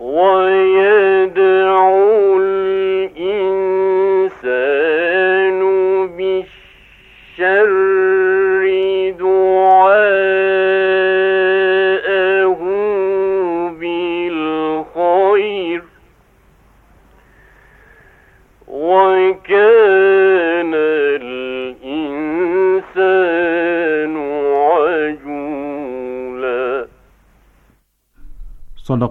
war.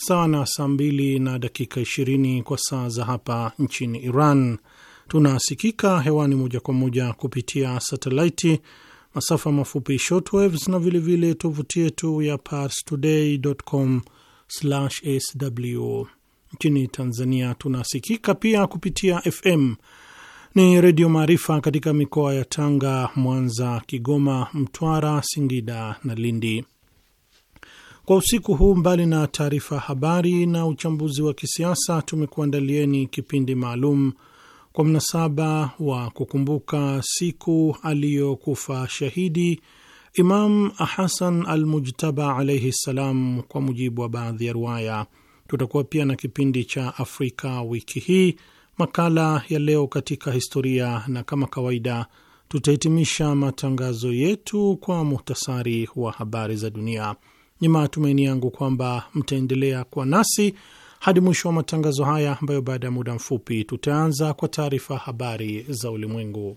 sawa na saa mbili na dakika ishirini kwa saa za hapa nchini Iran. Tunasikika hewani moja kwa moja kupitia satelaiti, masafa mafupi shortwaves na vilevile tovuti yetu ya parstoday.com/sw. Nchini Tanzania tunasikika pia kupitia FM ni Redio Maarifa katika mikoa ya Tanga, Mwanza, Kigoma, Mtwara, Singida na Lindi. Kwa usiku huu, mbali na taarifa ya habari na uchambuzi wa kisiasa, tumekuandalieni kipindi maalum kwa mnasaba wa kukumbuka siku aliyokufa shahidi Imam Hasan al Mujtaba alaihi ssalam, kwa mujibu wa baadhi ya riwaya. Tutakuwa pia na kipindi cha Afrika wiki hii, makala ya leo katika historia, na kama kawaida tutahitimisha matangazo yetu kwa muhtasari wa habari za dunia. Ni matumaini yangu kwamba mtaendelea kuwa nasi hadi mwisho wa matangazo haya ambayo baada ya muda mfupi tutaanza kwa taarifa habari za ulimwengu.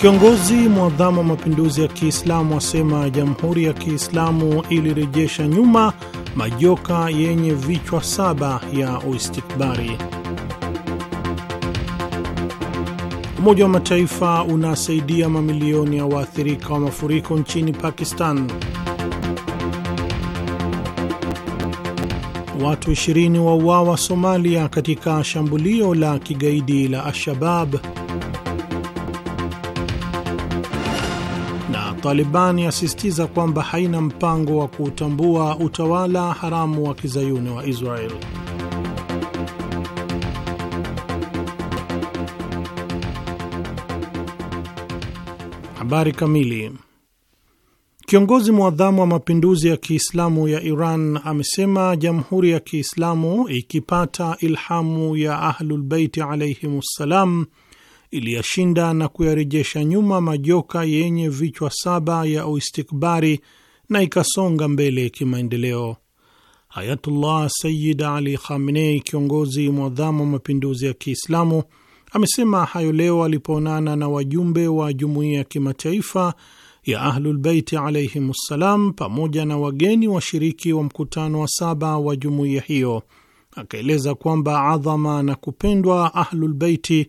Kiongozi mwadhamu wa mapinduzi ya Kiislamu asema jamhuri ya Kiislamu ilirejesha nyuma majoka yenye vichwa saba ya uistikbari. Umoja wa Mataifa unasaidia mamilioni ya waathirika wa mafuriko nchini Pakistan. Watu 20 wauawa Somalia katika shambulio la kigaidi la Al-Shabab. Talibani yasisitiza kwamba haina mpango wa kuutambua utawala haramu wa kizayuni wa Israel. Habari kamili. Kiongozi mwadhamu wa mapinduzi ya Kiislamu ya Iran amesema jamhuri ya Kiislamu ikipata ilhamu ya Ahlulbeiti alaihim ssalam iliyashinda na kuyarejesha nyuma majoka yenye vichwa saba ya uistikbari na ikasonga mbele kimaendeleo. Ayatullah Sayyid Ali Khamenei, kiongozi mwadhamu wa mapinduzi ya Kiislamu, amesema hayo leo alipoonana na wajumbe wa jumuiya ya kimataifa ya Ahlulbeiti alaihim ssalam, pamoja na wageni washiriki wa mkutano wa saba wa jumuiya hiyo, akaeleza kwamba adhama na kupendwa Ahlulbeiti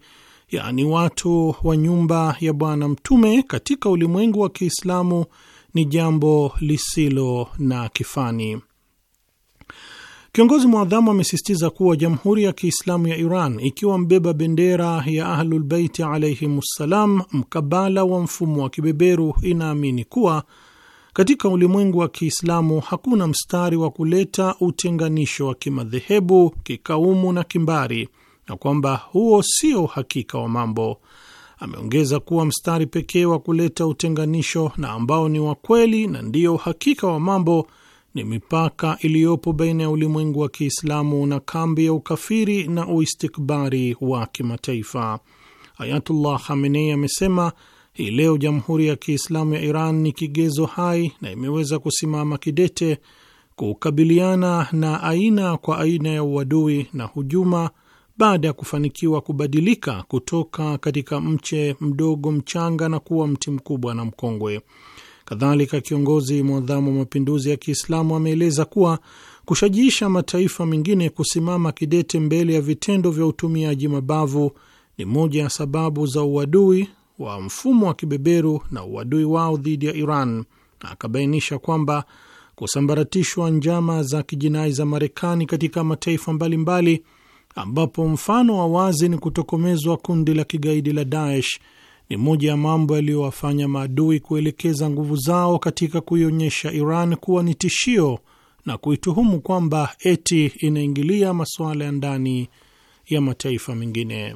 yaani watu wa nyumba ya Bwana Mtume katika ulimwengu wa Kiislamu ni jambo lisilo na kifani. Kiongozi mwadhamu amesisitiza kuwa Jamhuri ya Kiislamu ya Iran ikiwa mbeba bendera ya Ahlulbeiti ssalam, mkabala wa mfumo wa kibeberu, inaamini kuwa katika ulimwengu wa Kiislamu hakuna mstari wa kuleta utenganisho wa kimadhehebu, kikaumu na kimbari na kwamba huo sio uhakika wa mambo. Ameongeza kuwa mstari pekee wa kuleta utenganisho na ambao ni wa kweli na ndiyo uhakika wa mambo ni mipaka iliyopo baina ya ulimwengu wa Kiislamu na kambi ya ukafiri na uistikbari wa kimataifa. Ayatullah Khamenei amesema hii leo Jamhuri ya Kiislamu ya Iran ni kigezo hai na imeweza kusimama kidete kukabiliana na aina kwa aina ya uadui na hujuma baada ya kufanikiwa kubadilika kutoka katika mche mdogo mchanga na kuwa mti mkubwa na mkongwe. Kadhalika, kiongozi mwadhamu wa mapinduzi ya Kiislamu ameeleza kuwa kushajiisha mataifa mengine kusimama kidete mbele ya vitendo vya utumiaji mabavu ni moja ya sababu za uadui wa mfumo wa kibeberu na uadui wao dhidi ya Iran, na akabainisha kwamba kusambaratishwa njama za kijinai za Marekani katika mataifa mbalimbali mbali, ambapo mfano wa wazi ni kutokomezwa kundi la kigaidi la Daesh ni moja ya mambo yaliyowafanya maadui kuelekeza nguvu zao katika kuionyesha Iran kuwa ni tishio na kuituhumu kwamba eti inaingilia masuala ya ndani ya mataifa mengine.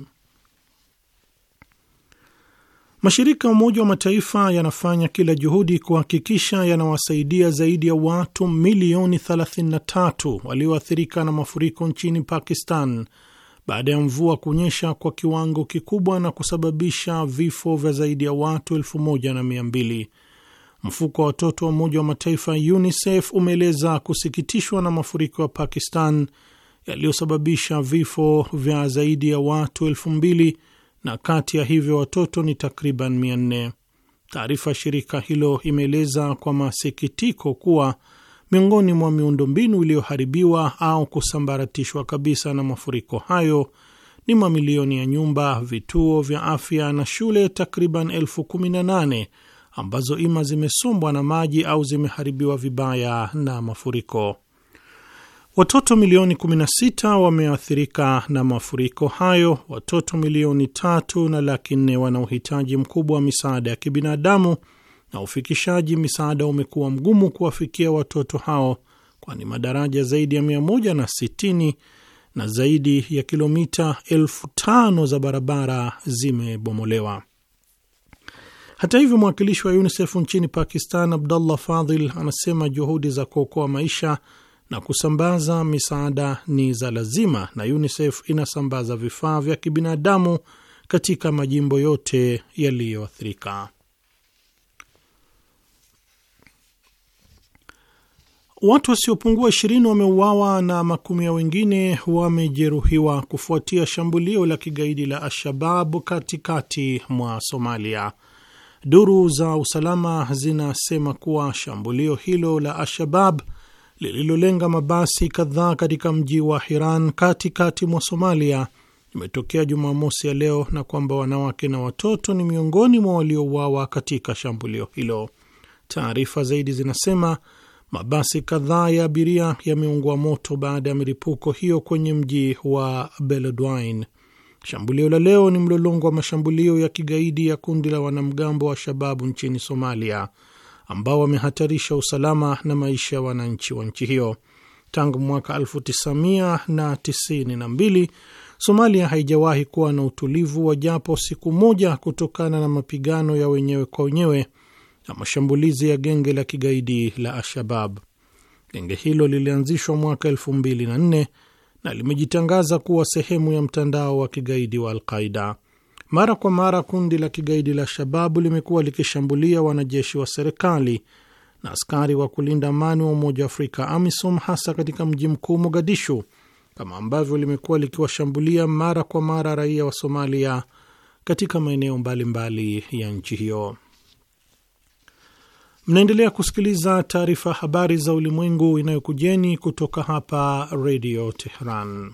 Mashirika ya Umoja wa Mataifa yanafanya kila juhudi kuhakikisha yanawasaidia zaidi ya watu milioni 33 walioathirika na mafuriko nchini Pakistan baada ya mvua kunyesha kwa kiwango kikubwa na kusababisha vifo vya zaidi ya watu elfu Mfuko wa watoto wa Umoja wa Mataifa UNICEF umeeleza kusikitishwa na mafuriko ya Pakistan yaliyosababisha vifo vya zaidi ya watu elfu mbili na kati ya hivyo watoto ni takriban nne. Taarifa ya shirika hilo imeeleza kwa masikitiko kuwa miongoni mwa miundombinu iliyoharibiwa au kusambaratishwa kabisa na mafuriko hayo ni mamilioni ya nyumba, vituo vya afya na shule takriban elfu kumi na nane ambazo ima zimesombwa na maji au zimeharibiwa vibaya na mafuriko. Watoto milioni 16 wameathirika na mafuriko hayo, watoto milioni tatu na laki nne wana uhitaji mkubwa wa misaada ya kibinadamu, na ufikishaji misaada umekuwa mgumu kuwafikia watoto hao, kwani madaraja zaidi ya 160 na zaidi ya kilomita elfu tano za barabara zimebomolewa. Hata hivyo, mwakilishi wa UNICEF nchini Pakistan Abdullah Fadhil anasema juhudi za kuokoa maisha na kusambaza misaada ni za lazima, na UNICEF inasambaza vifaa vya kibinadamu katika majimbo yote yaliyoathirika. Watu wasiopungua ishirini wameuawa na makumi ya wengine wamejeruhiwa kufuatia shambulio la kigaidi la Al-Shabab katikati mwa Somalia. Duru za usalama zinasema kuwa shambulio hilo la Al-Shabab lililolenga mabasi kadhaa katika mji wa Hiran katikati mwa Somalia imetokea Jumamosi ya leo na kwamba wanawake na watoto ni miongoni mwa waliouawa katika shambulio hilo. Taarifa zaidi zinasema mabasi kadhaa ya abiria yameungwa moto baada ya milipuko hiyo kwenye mji wa Beledweyne. Shambulio la leo ni mlolongo wa mashambulio ya kigaidi ya kundi la wanamgambo wa Shababu nchini Somalia ambao wamehatarisha usalama na maisha ya wananchi wa nchi hiyo. Tangu mwaka 1992 Somalia haijawahi kuwa na utulivu wa japo siku moja kutokana na mapigano ya wenyewe kwa wenyewe na mashambulizi ya genge la kigaidi la Al-Shabab. Genge hilo lilianzishwa mwaka 2004 na limejitangaza kuwa sehemu ya mtandao wa kigaidi wa Al-Qaida. Mara kwa mara kundi la kigaidi la Shababu limekuwa likishambulia wanajeshi wa serikali na askari wa kulinda amani wa Umoja wa Afrika, AMISOM, hasa katika mji mkuu Mogadishu, kama ambavyo limekuwa likiwashambulia mara kwa mara raia wa Somalia katika maeneo mbalimbali ya nchi hiyo. Mnaendelea kusikiliza taarifa habari za ulimwengu inayokujeni kutoka hapa Redio Teheran.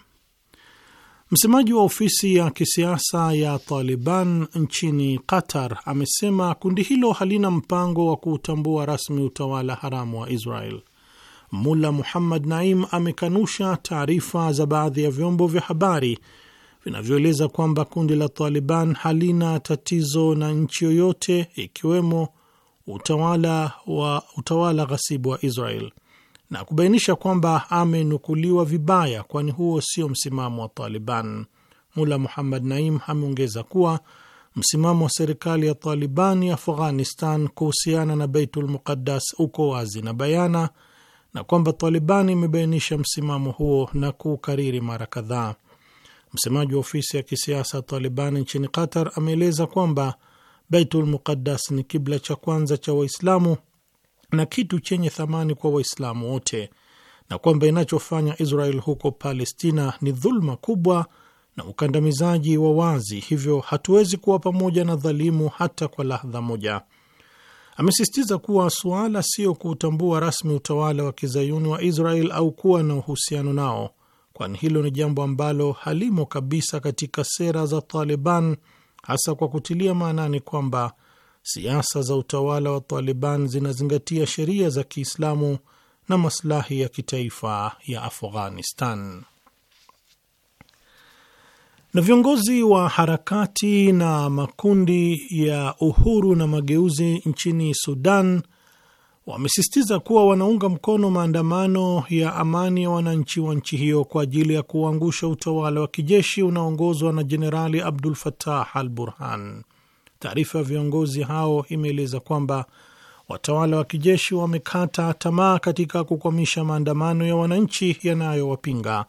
Msemaji wa ofisi ya kisiasa ya Taliban nchini Qatar amesema kundi hilo halina mpango wa kuutambua rasmi utawala haramu wa Israel. Mula Muhammad Naim amekanusha taarifa za baadhi ya vyombo vya habari vinavyoeleza kwamba kundi la Taliban halina tatizo na nchi yoyote ikiwemo utawala wa utawala ghasibu wa Israel na kubainisha kwamba amenukuliwa vibaya, kwani huo sio msimamo wa Taliban. Mula Muhammad Naim ameongeza kuwa msimamo wa serikali ya Talibani Afghanistan kuhusiana na Baitul Muqaddas uko wazi na bayana na kwamba Talibani imebainisha msimamo huo na kuukariri mara kadhaa. Msemaji wa ofisi ya kisiasa ya taliban nchini Qatar ameeleza kwamba Baitul Muqaddas ni kibla cha kwanza cha Waislamu na kitu chenye thamani kwa Waislamu wote na kwamba inachofanya Israel huko Palestina ni dhuluma kubwa na ukandamizaji wa wazi, hivyo hatuwezi kuwa pamoja na dhalimu hata kwa lahdha moja. Amesisitiza kuwa suala sio kuutambua rasmi utawala wa kizayuni wa Israel au kuwa na uhusiano nao, kwani hilo ni jambo ambalo halimo kabisa katika sera za Taliban, hasa kwa kutilia maanani kwamba siasa za utawala wa Taliban zinazingatia sheria za Kiislamu na maslahi ya kitaifa ya Afghanistan. Na viongozi wa harakati na makundi ya uhuru na mageuzi nchini Sudan wamesisitiza kuwa wanaunga mkono maandamano ya amani ya wananchi wa nchi hiyo kwa ajili ya kuangusha utawala wa kijeshi unaoongozwa na Jenerali Abdul fatah al-Burhan. Taarifa ya viongozi hao imeeleza kwamba watawala wa kijeshi wamekata tamaa katika kukwamisha maandamano ya wananchi yanayowapinga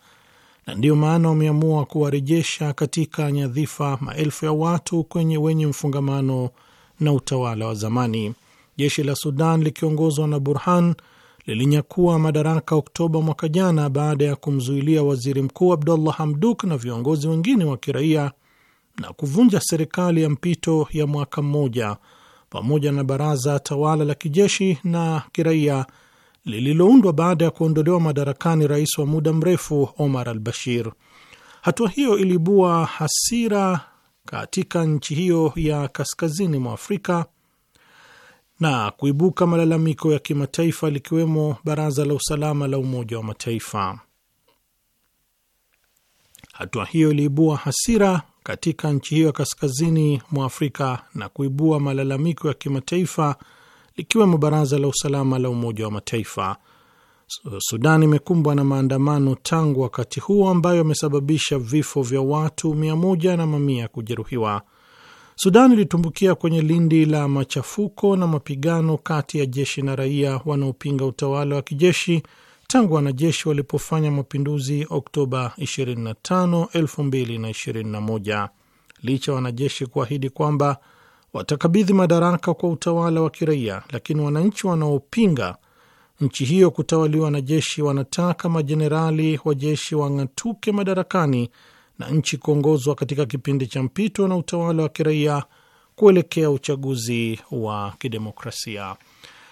na ndiyo maana wameamua kuwarejesha katika nyadhifa maelfu ya watu kwenye wenye mfungamano na utawala wa zamani. Jeshi la Sudan likiongozwa na Burhan lilinyakua madaraka Oktoba mwaka jana baada ya kumzuilia waziri mkuu Abdullah Hamduk na viongozi wengine wa kiraia na kuvunja serikali ya mpito ya mwaka mmoja pamoja na baraza tawala la kijeshi na kiraia lililoundwa baada ya kuondolewa madarakani rais wa muda mrefu Omar al-Bashir. Hatua hiyo ilibua hasira katika nchi hiyo ya kaskazini mwa Afrika na kuibuka malalamiko ya kimataifa likiwemo Baraza la Usalama la Umoja wa Mataifa. Hatua hiyo iliibua hasira katika nchi hiyo ya kaskazini mwa Afrika na kuibua malalamiko ya kimataifa likiwemo Baraza la Usalama la Umoja wa Mataifa. Sudan imekumbwa na maandamano tangu wakati huo ambayo yamesababisha vifo vya watu mia moja na mamia kujeruhiwa. Sudan ilitumbukia kwenye lindi la machafuko na mapigano kati ya jeshi na raia wanaopinga utawala wa kijeshi tangu wanajeshi walipofanya mapinduzi Oktoba 25, 2021 licha ya wanajeshi kuahidi kwamba watakabidhi madaraka kwa utawala wa kiraia, lakini wananchi wanaopinga nchi hiyo kutawaliwa na jeshi wanataka majenerali wa jeshi wang'atuke madarakani na nchi kuongozwa katika kipindi cha mpito na utawala wa kiraia kuelekea uchaguzi wa kidemokrasia.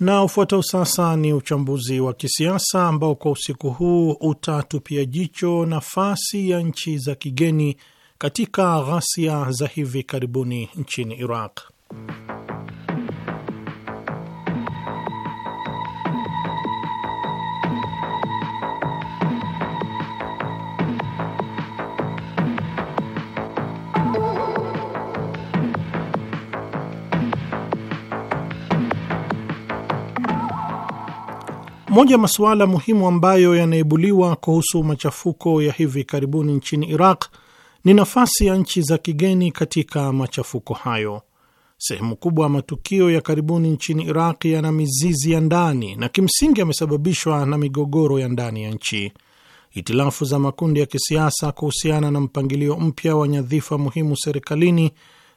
Na ufuatao sasa ni uchambuzi wa kisiasa ambao kwa usiku huu utatupia jicho nafasi ya nchi za kigeni katika ghasia za hivi karibuni nchini Iraq. Moja ya masuala muhimu ambayo yanaibuliwa kuhusu machafuko ya hivi karibuni nchini Iraq ni nafasi ya nchi za kigeni katika machafuko hayo. Sehemu kubwa ya matukio ya karibuni nchini Iraq yana mizizi ya ndani na kimsingi yamesababishwa na migogoro ya ndani ya nchi. Itilafu za makundi ya kisiasa kuhusiana na mpangilio mpya wa nyadhifa muhimu serikalini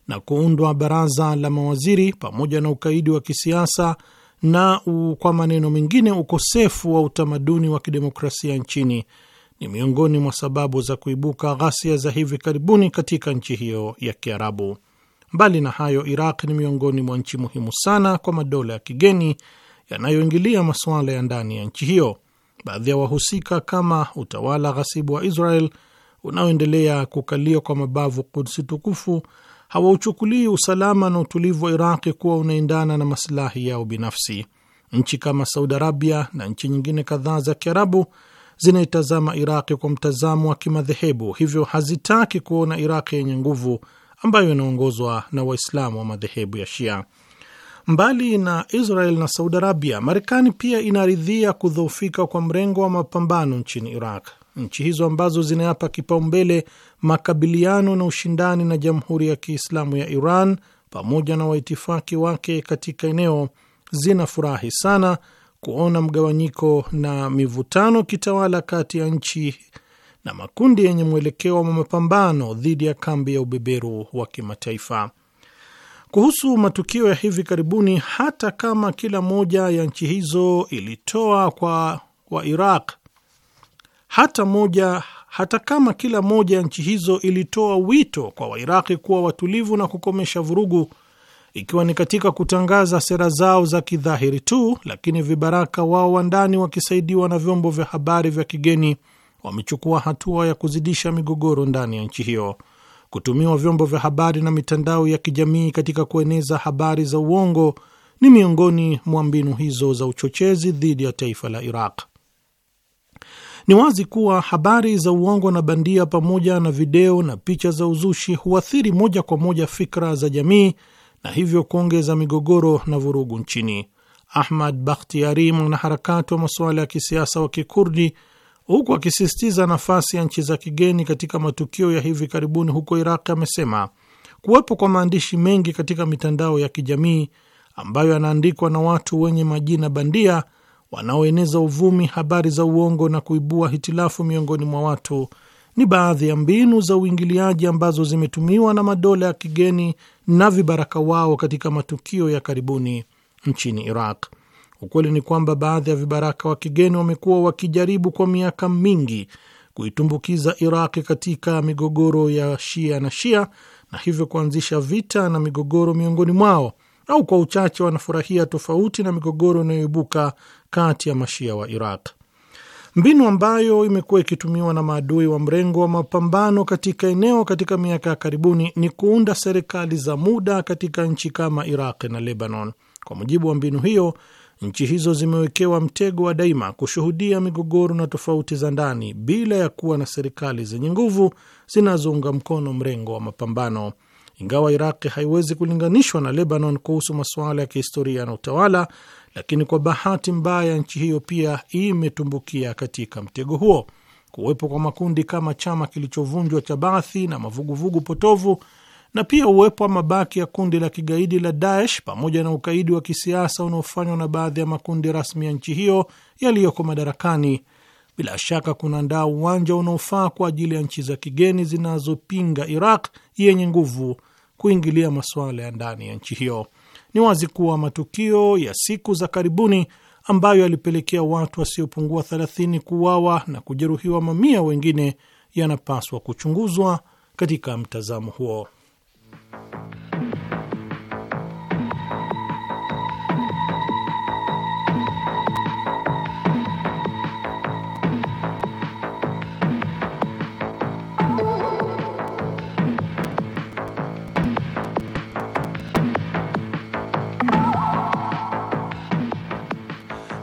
na kuundwa baraza la mawaziri, pamoja na ukaidi wa kisiasa na kwa maneno mengine, ukosefu wa utamaduni wa kidemokrasia nchini ni miongoni mwa sababu za kuibuka ghasia za hivi karibuni katika nchi hiyo ya Kiarabu. Mbali na hayo, Iraq ni miongoni mwa nchi muhimu sana kwa madola ya kigeni yanayoingilia masuala ya ndani ya nchi hiyo. Baadhi ya wahusika kama utawala ghasibu wa Israel unaoendelea kukalia kwa mabavu Kudsi tukufu hawauchukulii usalama na utulivu wa Iraqi kuwa unaendana na masilahi yao binafsi. Nchi kama Saudi Arabia na nchi nyingine kadhaa za Kiarabu zinaitazama Iraqi kwa mtazamo wa kimadhehebu, hivyo hazitaki kuona Iraqi yenye nguvu ambayo inaongozwa na Waislamu wa madhehebu ya Shia. Mbali na Israel na Saudi Arabia, Marekani pia inaridhia kudhoofika kwa mrengo wa mapambano nchini Iraq nchi hizo ambazo zinayapa kipaumbele makabiliano na ushindani na Jamhuri ya Kiislamu ya Iran pamoja na waitifaki wake katika eneo zinafurahi sana kuona mgawanyiko na mivutano kitawala kati ya nchi na makundi yenye mwelekeo wa mapambano dhidi ya kambi ya ubeberu wa kimataifa. Kuhusu matukio ya hivi karibuni, hata kama kila moja ya nchi hizo ilitoa kwa, kwa Iraq hata moja, hata kama kila moja ya nchi hizo ilitoa wito kwa Wairaqi kuwa watulivu na kukomesha vurugu, ikiwa ni katika kutangaza sera zao za kidhahiri tu, lakini vibaraka wao wa ndani wakisaidiwa na vyombo vya habari vya kigeni wamechukua hatua ya kuzidisha migogoro ndani ya nchi hiyo. Kutumiwa vyombo vya habari na mitandao ya kijamii katika kueneza habari za uongo ni miongoni mwa mbinu hizo za uchochezi dhidi ya taifa la Iraq. Ni wazi kuwa habari za uongo na bandia pamoja na video na picha za uzushi huathiri moja kwa moja fikra za jamii na hivyo kuongeza migogoro na vurugu nchini. Ahmad Bakhtiari, mwanaharakati wa masuala ya kisiasa wa Kikurdi, huku akisisitiza nafasi ya nchi za kigeni katika matukio ya hivi karibuni huko Iraq, amesema kuwepo kwa maandishi mengi katika mitandao ya kijamii ambayo yanaandikwa na watu wenye majina bandia wanaoeneza uvumi, habari za uongo na kuibua hitilafu miongoni mwa watu ni baadhi ya mbinu za uingiliaji ambazo zimetumiwa na madola ya kigeni na vibaraka wao katika matukio ya karibuni nchini Iraq. Ukweli ni kwamba baadhi ya vibaraka wa kigeni wamekuwa wakijaribu kwa miaka mingi kuitumbukiza Iraq katika migogoro ya Shia na Shia na hivyo kuanzisha vita na migogoro miongoni mwao au kwa uchache wanafurahia tofauti na migogoro inayoibuka kati ya mashia wa Iraq. Mbinu ambayo imekuwa ikitumiwa na maadui wa mrengo wa mapambano katika eneo katika miaka ya karibuni ni kuunda serikali za muda katika nchi kama Iraq na Lebanon. Kwa mujibu wa mbinu hiyo, nchi hizo zimewekewa mtego wa daima kushuhudia migogoro na tofauti za ndani bila ya kuwa na serikali zenye nguvu zinazounga mkono mrengo wa mapambano. Ingawa iraq haiwezi kulinganishwa na Lebanon kuhusu masuala ya kihistoria na utawala, lakini kwa bahati mbaya nchi hiyo pia imetumbukia katika mtego huo. Kuwepo kwa makundi kama chama kilichovunjwa cha Baathi na mavuguvugu potovu na pia uwepo wa mabaki ya kundi la kigaidi la Daesh pamoja na ukaidi wa kisiasa unaofanywa na baadhi ya makundi rasmi ya nchi hiyo yaliyoko madarakani, bila shaka kunaandaa uwanja unaofaa kwa ajili ya nchi za kigeni zinazopinga Iraq yenye nguvu kuingilia masuala ya ndani ya nchi hiyo. Ni wazi kuwa matukio ya siku za karibuni ambayo yalipelekea watu wasiopungua 30 kuuawa na kujeruhiwa mamia wengine yanapaswa kuchunguzwa katika mtazamo huo.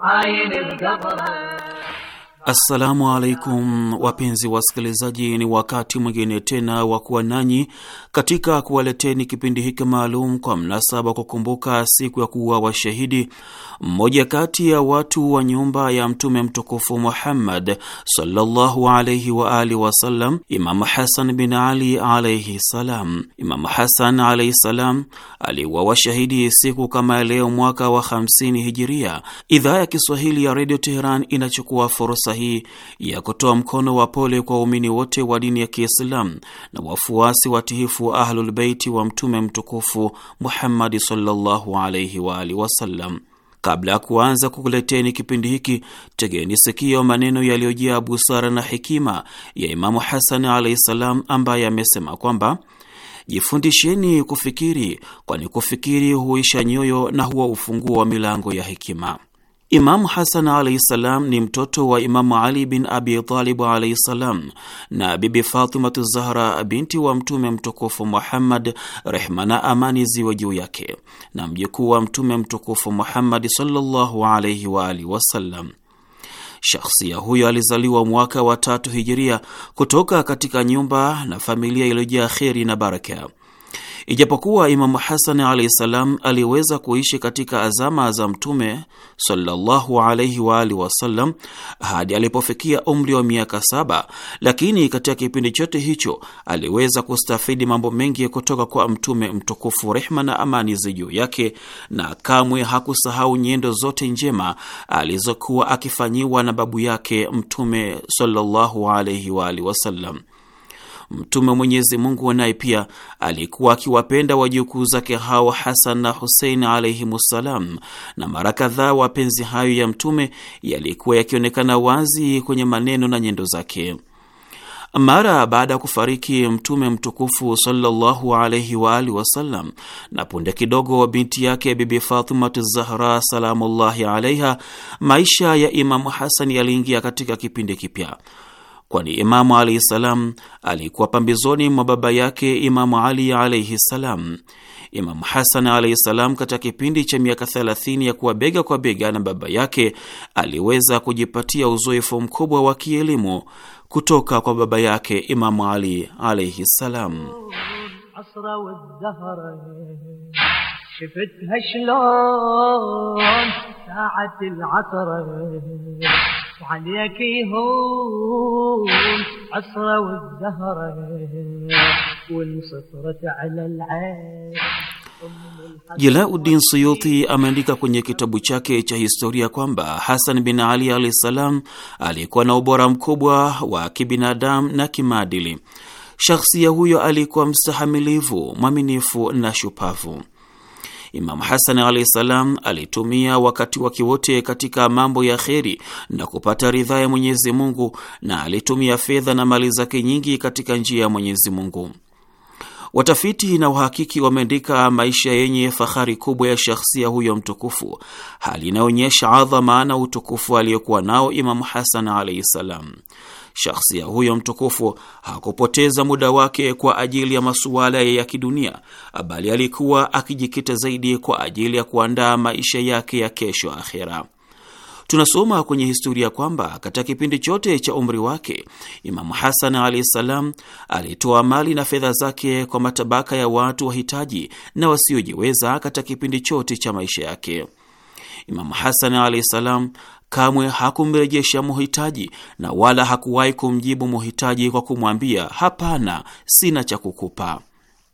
I am the governor. Assalamu alaikum wapenzi wasikilizaji, ni wakati mwingine tena wa kuwa nanyi katika kuwaleteni kipindi hiki maalum kwa mnasaba kukumbuka siku ya kuwa washahidi mmoja kati ya watu wa nyumba ya Mtume mtukufu Muhammad sallallahu alaihi wa alihi wasallam, Imamu Hasan bin Ali alaihi salam. Imamu Hasan alaihi salam aliwa washahidi siku kama leo mwaka wa 50 Hijiria. Idhaa ya Kiswahili ya Redio Teheran inachukua fursa fursa hii ya kutoa mkono wa pole kwa waumini wote wa dini ya Kiislamu na wafuasi watihifu wa Ahlulbeiti wa Mtume mtukufu Muhammadi sallallahu alaihi wa alihi wasallam. Kabla ya kuanza kukuleteni kipindi hiki, tegeni sikio maneno yaliyojia busara na hekima ya Imamu Hasan alaihi salam, ambaye amesema kwamba jifundisheni kufikiri, kwani kufikiri huisha nyoyo na huwa ufunguo wa milango ya hekima. Imamu Hasan alaihi ssalam ni mtoto wa Imamu Ali bin Abi Talibu alaihi ssalam na Bibi Fatimatu Zahra binti wa Mtume mtukufu Muhammad, rehma na amani ziwe juu yake, na mjukuu wa Mtume mtukufu Muhammadi sallallahu alaihi waalihi wasallam. Shakhsia huyo alizaliwa mwaka wa tatu hijiria kutoka katika nyumba na familia iliyojaa kheri na baraka. Ijapokuwa Imamu hasani alaihi salam aliweza kuishi katika azama za Mtume sallallahu alaihi wa alihi wasallam hadi alipofikia umri wa miaka saba, lakini katika kipindi chote hicho aliweza kustafidi mambo mengi kutoka kwa Mtume mtukufu, rehma na amani zi juu yake, na kamwe hakusahau nyendo zote njema alizokuwa akifanyiwa na babu yake Mtume sallallahu alaihi wa alihi wasallam. Mtume Mwenyezi Mungu naye pia alikuwa akiwapenda wajukuu zake hao Hasan na Husein ssalam, na mara kadhaa wapenzi hayo ya Mtume yalikuwa yakionekana wazi kwenye maneno na nyendo zake. Mara baada ya kufariki Mtume mtukufu sallallahu alaihi wa alihi wasallam, na punde kidogo binti yake Bibi Fatimatu Zahra salamullahi alaiha, maisha ya Imamu Hasani yaliingia katika kipindi kipya kwani Imamu alaihi salam alikuwa pambizoni mwa baba yake Imamu Ali alaihi salam. Imamu Hasan alaihi salam katika kipindi cha miaka 30 ya kuwa bega kwa bega na baba yake aliweza kujipatia uzoefu mkubwa wa kielimu kutoka kwa baba yake Imamu Ali alaihi salam. وعليك يهون عصرة والزهرة وانسطرت على العين Jalauddin Suyuti ameandika kwenye kitabu chake cha historia kwamba Hasan bin Ali alahi salam alikuwa na ubora mkubwa wa kibinadamu na kimaadili. Shakhsia huyo alikuwa mstahamilivu, mwaminifu na shupavu. Imamu Hasani alahi salam alitumia wakati wake wote katika mambo ya kheri na kupata ridhaa ya Mwenyezi Mungu, na alitumia fedha na mali zake nyingi katika njia ya Mwenyezi Mungu. Watafiti na uhakiki wameandika maisha yenye fahari kubwa ya shakhsia huyo mtukufu, hali inayoonyesha adhama na utukufu aliyokuwa nao Imamu Hasan alaihi salam shakhsia huyo mtukufu hakupoteza muda wake kwa ajili ya masuala ya kidunia, bali alikuwa akijikita zaidi kwa ajili ya kuandaa maisha yake ya kesho akhera. Tunasoma kwenye historia kwamba katika kipindi chote cha umri wake Imamu Hasan alahi ssalam alitoa mali na fedha zake kwa matabaka ya watu wahitaji na wasiojiweza katika kipindi chote cha maisha yake. Imamu Hasani alahi salam kamwe hakumrejesha muhitaji na wala hakuwahi kumjibu muhitaji kwa kumwambia hapana, sina cha kukupa.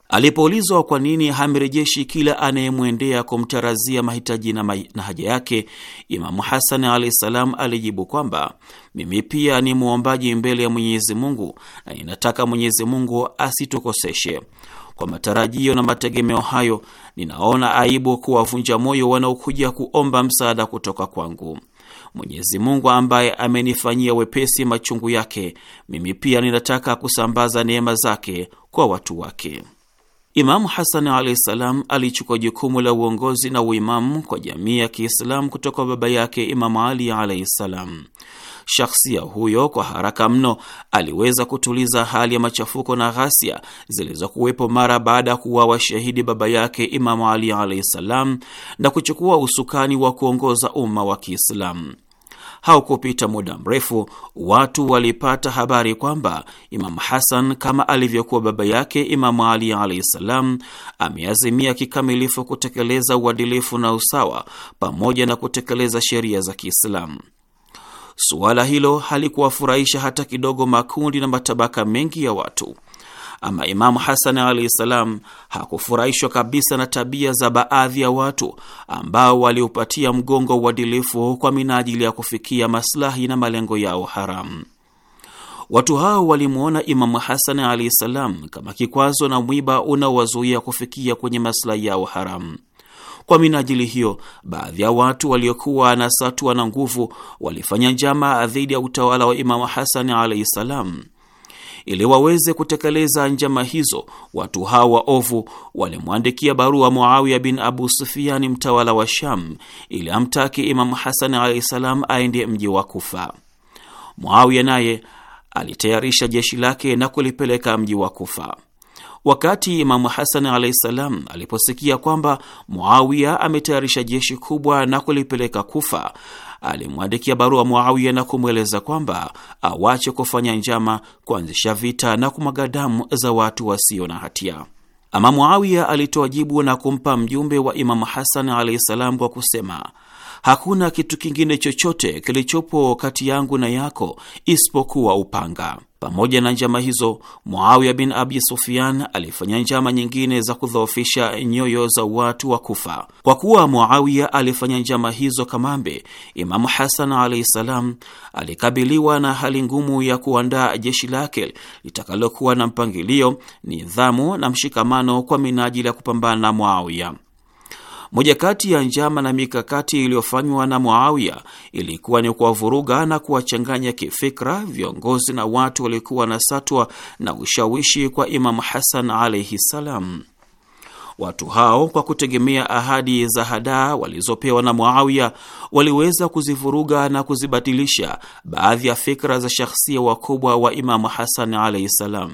Alipoulizwa kwa nini hamrejeshi kila anayemwendea kumtarazia mahitaji na, ma na haja yake, Imamu Hasan alahi salam alijibu kwamba mimi pia ni mwombaji mbele ya Mwenyezi Mungu na ninataka Mwenyezi Mungu asitukoseshe. Kwa matarajio na mategemeo hayo, ninaona aibu kuwavunja moyo wanaokuja kuomba msaada kutoka kwangu. Mwenyezi Mungu ambaye amenifanyia wepesi machungu yake, mimi pia ninataka kusambaza neema zake kwa watu wake. Imamu hasani alahi salam alichukua jukumu la uongozi na uimamu kwa jamii ya Kiislamu kutoka baba yake Imamu Ali alaihi salam. Shahsia huyo kwa haraka mno aliweza kutuliza hali ya machafuko na ghasia zilizokuwepo mara baada ya kuwawa shahidi baba yake Imamu Ali alaihi ssalam na kuchukua usukani wa kuongoza umma wa Kiislamu. Haukupita muda mrefu, watu walipata habari kwamba Imamu Hasan, kama alivyokuwa baba yake Imamu Ali alaihi ssalam ameazimia kikamilifu kutekeleza uadilifu na usawa pamoja na kutekeleza sheria za Kiislamu suala hilo halikuwafurahisha hata kidogo makundi na matabaka mengi ya watu. Ama Imamu Hasani alahi salam hakufurahishwa kabisa na tabia za baadhi ya watu ambao waliupatia mgongo uadilifu kwa minajili ya kufikia maslahi na malengo yao haramu. Watu hao walimwona Imamu Hasani alaihi salam kama kikwazo na mwiba unaowazuia kufikia kwenye maslahi yao haramu. Kwa minajili hiyo, baadhi ya watu waliokuwa na satwa na nguvu walifanya njama dhidi ya utawala wa Imamu Hasani alaihi salam. Ili waweze kutekeleza njama hizo, watu hao waovu walimwandikia barua Muawiya bin Abu Sufiani, mtawala wa Sham, ili amtaki Imamu Hasani alaihi salam aende mji wa Kufa. Muawiya naye alitayarisha jeshi lake na kulipeleka mji wa Kufa. Wakati Imamu hasani alahi salam aliposikia kwamba Muawiya ametayarisha jeshi kubwa na kulipeleka Kufa, alimwandikia barua Muawiya na kumweleza kwamba awache kufanya njama, kuanzisha vita na kumwaga damu za watu wasio na hatia. Ama Muawiya alitoa jibu na kumpa mjumbe wa Imamu hasani alahi salam kwa kusema Hakuna kitu kingine chochote kilichopo kati yangu na yako isipokuwa upanga. Pamoja na njama hizo, Muawiya bin Abi Sufyan alifanya njama nyingine za kudhoofisha nyoyo za watu wa Kufa. Kwa kuwa Muawiya alifanya njama hizo kamambe, Imamu Hasan alaihi salam alikabiliwa na hali ngumu ya kuandaa jeshi lake litakalokuwa na mpangilio, nidhamu na mshikamano kwa minajili ya kupambana na Muawiya. Moja kati ya njama na mikakati iliyofanywa na Muawiya ilikuwa ni kuwavuruga na kuwachanganya kifikra viongozi na watu waliokuwa na satwa na ushawishi kwa Imamu Hasan alaihi salam. Watu hao kwa kutegemea ahadi za hadaa walizopewa na Muawiya waliweza kuzivuruga na kuzibatilisha baadhi ya fikra za shakhsia wakubwa wa Imamu Hasan alaihi salam.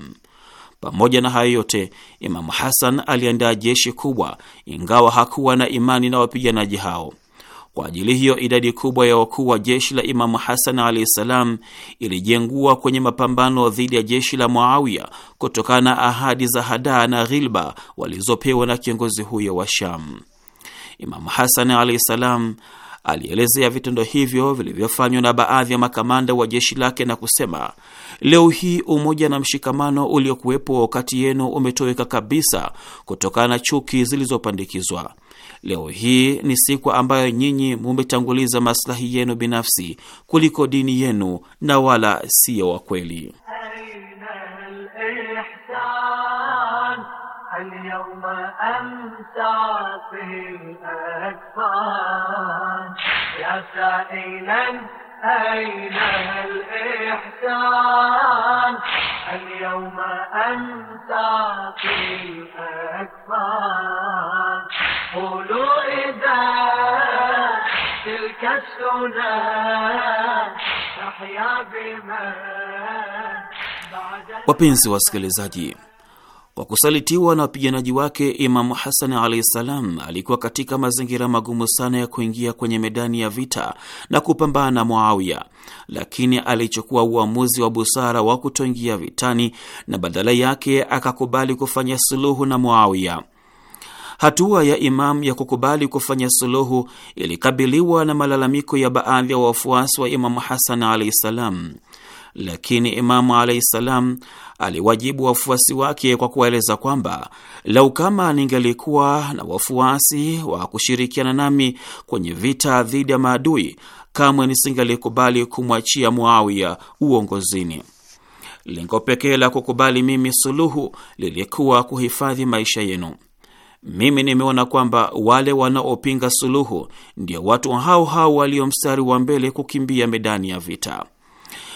Pamoja na hayo yote, Imamu Hasan aliandaa jeshi kubwa, ingawa hakuwa na imani na wapiganaji hao. Kwa ajili hiyo, idadi kubwa ya wakuu wa jeshi la Imamu Hasan alahi ssalam ilijengua kwenye mapambano dhidi ya jeshi la Muawiya kutokana na ahadi za hadaa na ghilba walizopewa na kiongozi huyo wa Sham. Imamu Hasan alahi ssalam alielezea vitendo hivyo vilivyofanywa na baadhi ya makamanda wa jeshi lake na kusema, leo hii umoja na mshikamano uliokuwepo kati yenu umetoweka kabisa kutokana na chuki zilizopandikizwa. Leo hii ni siku ambayo nyinyi mumetanguliza maslahi yenu binafsi kuliko dini yenu na wala siyo wa kweli. يا سائلا أين الإحسان اليوم أنت في أكفان قولوا إذا تلك السنة تحيا بمن wapenzi wasikilizaji Kwa kusalitiwa na wapiganaji wake, Imamu Hasani alahi ssalam alikuwa katika mazingira magumu sana ya kuingia kwenye medani ya vita na kupambana na Muawiya, lakini alichukua uamuzi wa busara wa kutoingia vitani na badala yake akakubali kufanya suluhu na Muawiya. Hatua ya Imam ya kukubali kufanya suluhu ilikabiliwa na malalamiko ya baadhi ya wafuasi wa Imamu hasani alahi ssalam lakini Imamu alaihi salam aliwajibu wafuasi wake kwa kuwaeleza kwamba lau kama ningelikuwa na wafuasi wa kushirikiana nami kwenye vita dhidi ya maadui, kamwe nisingelikubali kumwachia Muawiya uongozini. Lengo pekee la kukubali mimi suluhu lilikuwa kuhifadhi maisha yenu. Mimi nimeona kwamba wale wanaopinga suluhu ndio watu hao hao walio mstari wa mbele kukimbia medani ya vita.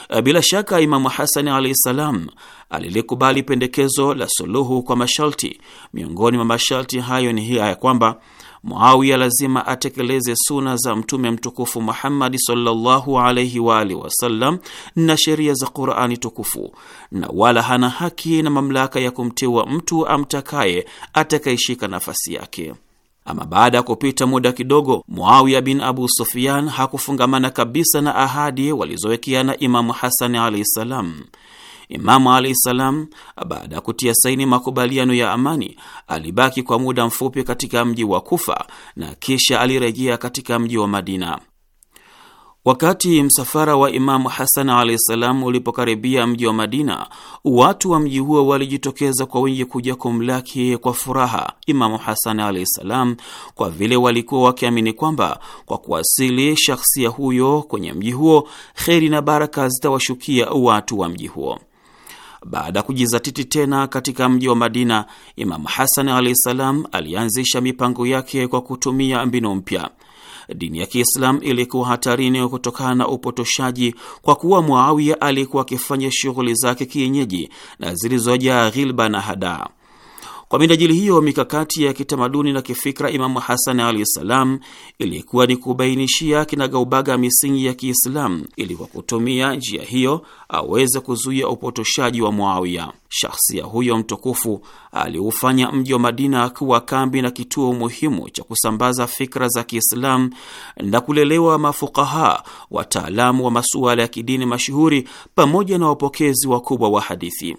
Eh, bila shaka Imamu Hasani alahi salam alilikubali pendekezo la suluhu kwa masharti. Miongoni mwa masharti hayo ni hiya ya kwamba Muawiya lazima atekeleze suna za Mtume mtukufu Muhammadi sallallahu alaihi wa alihi wasallam na sheria za Qurani tukufu, na wala hana haki na mamlaka ya kumteua mtu amtakaye atakayeshika nafasi yake. Ama baada ya kupita muda kidogo, Muawiya bin Abu Sufyan hakufungamana kabisa na ahadi walizowekeana Imamu Hasani alaihi salam. Imamu alaihi ssalam baada ya kutia saini makubaliano ya amani, alibaki kwa muda mfupi katika mji wa Kufa na kisha alirejea katika mji wa Madina. Wakati msafara wa Imamu Hasan alahi ssalam ulipokaribia mji wa Madina, watu wa mji huo walijitokeza kwa wingi kuja kumlaki kwa furaha Imamu Hasan alahi ssalam, kwa vile walikuwa wakiamini kwamba kwa kuwasili shakhsia huyo kwenye mji huo, kheri na baraka zitawashukia watu wa mji huo. Baada ya kujizatiti tena katika mji wa Madina, Imamu Hasan alahi ssalam alianzisha mipango yake kwa kutumia mbinu mpya dini ya Kiislamu ilikuwa hatarini kutokana na upotoshaji, kwa kuwa Muawiya alikuwa akifanya shughuli zake kienyeji na zilizojaa ghilba na hadaa. Kwa minajili hiyo, mikakati ya kitamaduni na kifikra Imamu hasani alahi salam ilikuwa ni kubainishia kinagaubaga misingi ya Kiislamu ili kwa kutumia njia hiyo aweze kuzuia upotoshaji wa Muawiya. Shahsia huyo mtukufu aliufanya mji wa Madina kuwa kambi na kituo muhimu cha kusambaza fikra za Kiislamu na kulelewa mafukaha, wataalamu wa masuala ya kidini mashuhuri, pamoja na wapokezi wakubwa wa hadithi.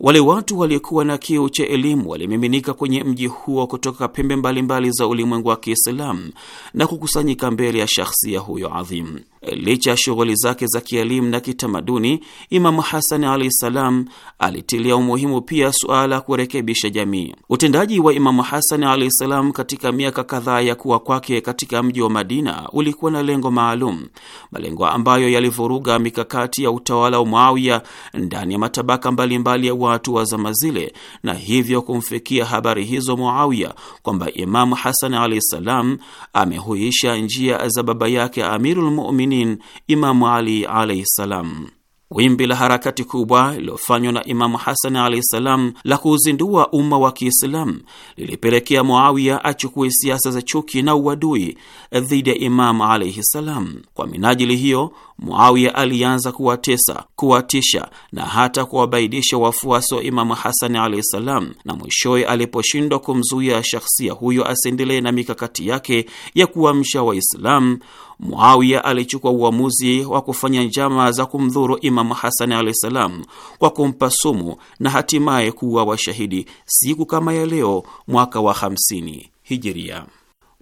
Wale watu waliokuwa na kiu cha elimu walimiminika kwenye mji huo kutoka pembe mbalimbali mbali za ulimwengu wa Kiislamu na kukusanyika mbele ya shakhsia huyo adhimu. Licha ya shughuli zake za kielimu na kitamaduni, Imamu Hasan alahi salam alitilia umuhimu pia suala kurekebisha jamii. Utendaji wa Imamu Hasan alahi salam katika miaka kadhaa ya kuwa kwake katika mji wa Madina ulikuwa na lengo maalum, malengo ambayo yalivuruga mikakati ya utawala wa Muawiya ndani ya matabaka mbalimbali mbali ya watu hatua zama zile, na hivyo kumfikia habari hizo Muawiya kwamba Imamu Hasan alahi ssalam amehuisha njia za baba yake Amirul Muminin Imamu Ali alaihi ssalam. Wimbi la harakati kubwa lililofanywa na Imamu Hasani alahi ssalam la kuuzindua umma wa Kiislamu lilipelekea Muawiya achukue siasa za chuki na uadui dhidi ya Imamu alaihi ssalam. Kwa minajili hiyo, Muawiya alianza kuwatesa, kuwatisha na hata kuwabaidisha wafuasi wa Imamu Hasani alahi ssalam, na mwishowe aliposhindwa kumzuia shakhsia huyo asiendelee na mikakati yake ya kuamsha Waislamu Muawiya alichukua uamuzi wa kufanya njama za kumdhuru Imamu Hasani alahi salam kwa kumpa sumu na hatimaye kuwa washahidi siku kama ya leo mwaka wa 50 hijiria.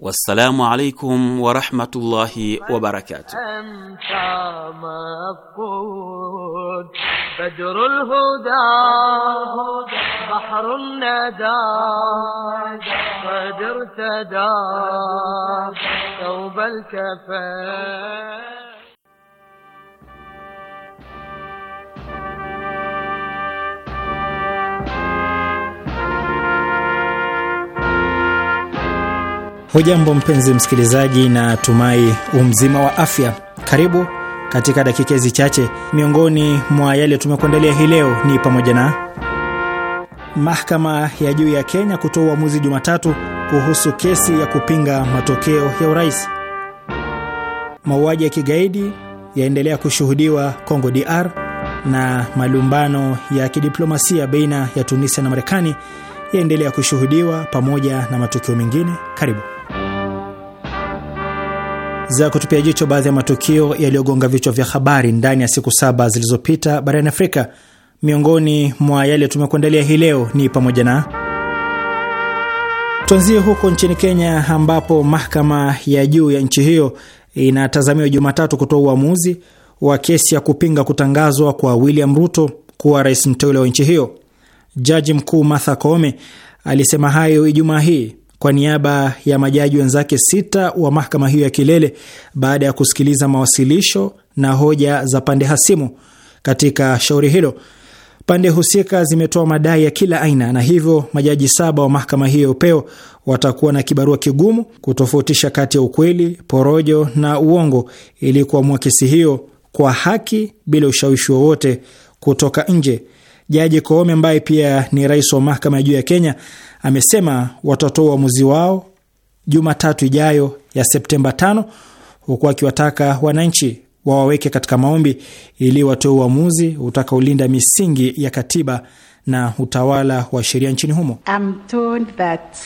والسلام عليكم ورحمة الله وبركاته بدر الهدى بحر الندى قد ارتدى ثوب الكفن Hujambo mpenzi msikilizaji, na tumai umzima wa afya. Karibu katika dakika hizi chache. Miongoni mwa yale tumekuandalia hii leo ni pamoja na mahakama ya juu ya Kenya kutoa uamuzi Jumatatu kuhusu kesi ya kupinga matokeo ya urais, mauaji ya kigaidi yaendelea kushuhudiwa congo DR, na malumbano ya kidiplomasia baina ya Tunisia na Marekani yaendelea kushuhudiwa pamoja na matukio mengine. Karibu za kutupia jicho baadhi ya matukio yaliyogonga vichwa vya habari ndani ya siku saba zilizopita barani Afrika. Miongoni mwa yale tumekuandalia hii leo ni pamoja na tuanzie huko nchini Kenya, ambapo mahakama ya juu ya nchi hiyo inatazamiwa Jumatatu kutoa uamuzi wa kesi ya kupinga kutangazwa kwa William Ruto kuwa rais mteule wa nchi hiyo. Jaji mkuu Martha Koome alisema hayo Ijumaa hii kwa niaba ya majaji wenzake sita wa mahakama hiyo ya kilele baada ya kusikiliza mawasilisho na hoja za pande hasimu katika shauri hilo. Pande husika zimetoa madai ya kila aina, na hivyo majaji saba wa mahakama hiyo ya upeo watakuwa na kibarua kigumu kutofautisha kati ya ukweli, porojo na uongo, ili kuamua kesi hiyo kwa haki bila ushawishi wowote kutoka nje. Jaji Koome ambaye pia ni rais wa mahakama ya juu ya Kenya amesema watatoa uamuzi wao Jumatatu ijayo ya Septemba 5 huku akiwataka wananchi wawaweke katika maombi ili watoe uamuzi utakaolinda misingi ya katiba na utawala wa sheria nchini humo. I'm told that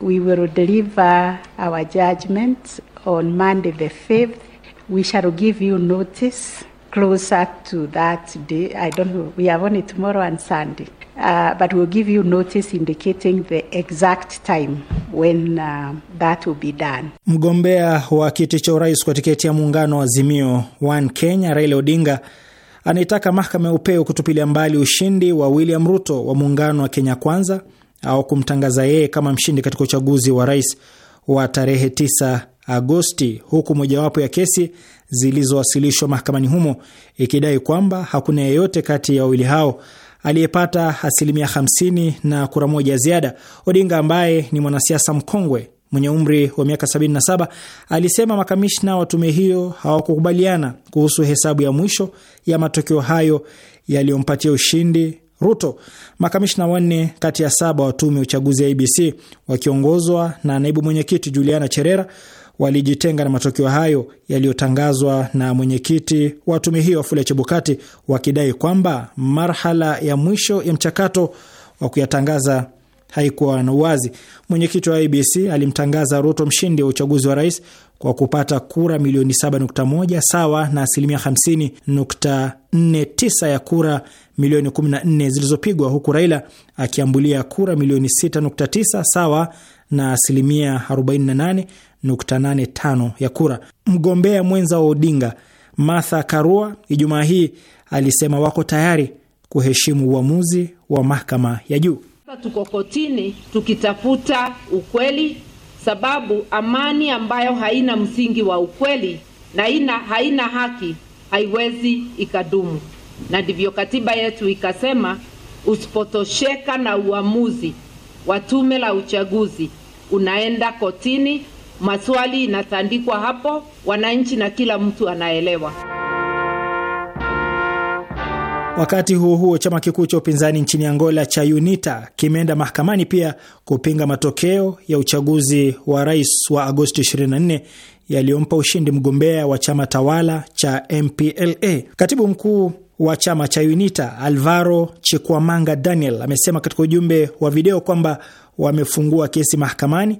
we will deliver our judgment on Monday the 5th. We shall give you notice closer to that day. I don't know. We have only tomorrow and Sunday. Uh, but we'll give you notice indicating the exact time when uh, that will be done. Mgombea wa kiti cha urais kwa tiketi ya muungano wa Azimio One Kenya Raila Odinga anaitaka mahakama ya upeo kutupilia mbali ushindi wa William Ruto wa muungano wa Kenya Kwanza au kumtangaza yeye kama mshindi katika uchaguzi wa rais wa tarehe 9 Agosti, huku mojawapo ya kesi zilizowasilishwa mahakamani humo ikidai kwamba hakuna yeyote kati ya wawili hao aliyepata asilimia 50 na kura moja ziada. Odinga ambaye ni mwanasiasa mkongwe mwenye umri wa miaka 77 alisema makamishna wa tume hiyo hawakukubaliana kuhusu hesabu ya mwisho ya matokeo hayo yaliyompatia ushindi Ruto. Makamishna wanne kati ya saba wa tume uchaguzi ya IBC wakiongozwa na naibu mwenyekiti Juliana Cherera walijitenga na matokeo hayo yaliyotangazwa na mwenyekiti wa tume hiyo Wafula Chebukati, wakidai kwamba marhala ya mwisho ya mchakato wa kuyatangaza haikuwa na uwazi. Mwenyekiti wa IBC alimtangaza Ruto mshindi wa uchaguzi wa rais kwa kupata kura milioni 7.1 sawa na asilimia 50.49 ya kura milioni 14 zilizopigwa, huku Raila akiambulia kura milioni 6.9 sawa na asilimia 48 85 ya kura. Mgombea mwenza wa Odinga Martha Karua Ijumaa hii alisema wako tayari kuheshimu uamuzi wa mahakama ya juu. Tuko kotini tukitafuta ukweli, sababu amani ambayo haina msingi wa ukweli na ina, haina haki haiwezi ikadumu, na ndivyo katiba yetu ikasema, usipotosheka na uamuzi wa tume la uchaguzi unaenda kotini maswali inatandikwa hapo, wananchi na kila mtu anaelewa. Wakati huo huo, chama kikuu cha upinzani nchini Angola cha UNITA kimeenda mahakamani pia kupinga matokeo ya uchaguzi wa rais wa Agosti 24 yaliyompa ushindi mgombea wa chama tawala cha MPLA. Katibu mkuu wa chama cha UNITA Alvaro Chikwamanga Daniel amesema katika ujumbe wa video kwamba wamefungua kesi mahakamani